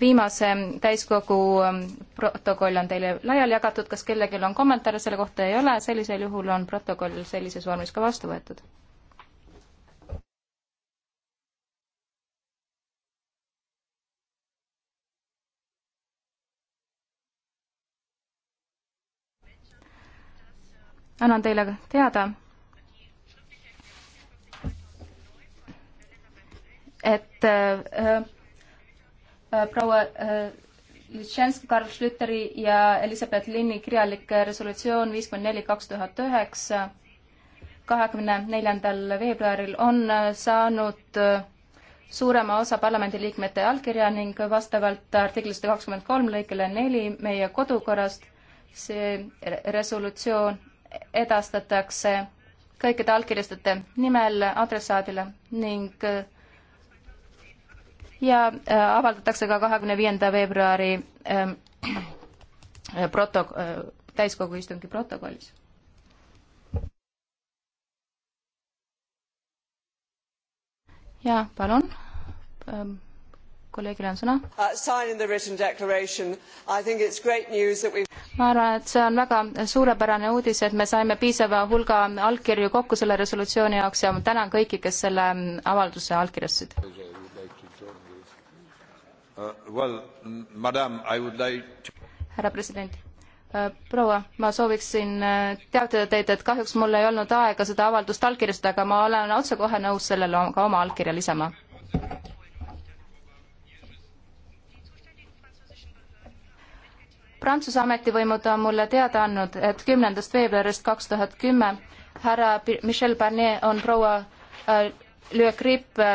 viimase täiskogu ähm, protokoll on teile laiali jagatud, kas kellelgi on kommentaare selle kohta, ei ole, sellisel juhul on protokoll sellises vormis ka vastu võetud. annan teile teada, et äh, Äh, proua äh, Litšenski, Karl Schlüteri ja Elizabeth Linni kirjalik resolutsioon viiskümmend neli kaks tuhat üheksa kahekümne neljandal veebruaril on äh, saanud suurema osa parlamendiliikmete allkirja ning vastavalt artikli sada kakskümmend kolm lõikele neli meie kodukorrast see resolutsioon edastatakse kõikide allkirjastajate nimel adressaadile ning ja äh, avaldatakse ka kahekümne viienda veebruari ähm, äh, protok-, äh, täiskogu istungi protokollis. ja palun, ähm, kolleegil on sõna. Uh, ma arvan, et see on väga suurepärane uudis, et me saime piisava hulga allkirju kokku selle resolutsiooni jaoks ja ma tänan kõiki, kes selle ähm, avalduse allkirjastasid. Uh, well, madam, I would like to... härra president, uh, proua, ma sooviksin uh, teatada teid, et kahjuks mul ei olnud aega seda avaldust allkirjastada, aga ma olen otsekohe nõus sellele ka oma allkirja lisama. Prantsuse ametivõimud on mulle teada andnud, et kümnendast veebruarist kaks tuhat kümme härra Michel Barnier on proua Le Grip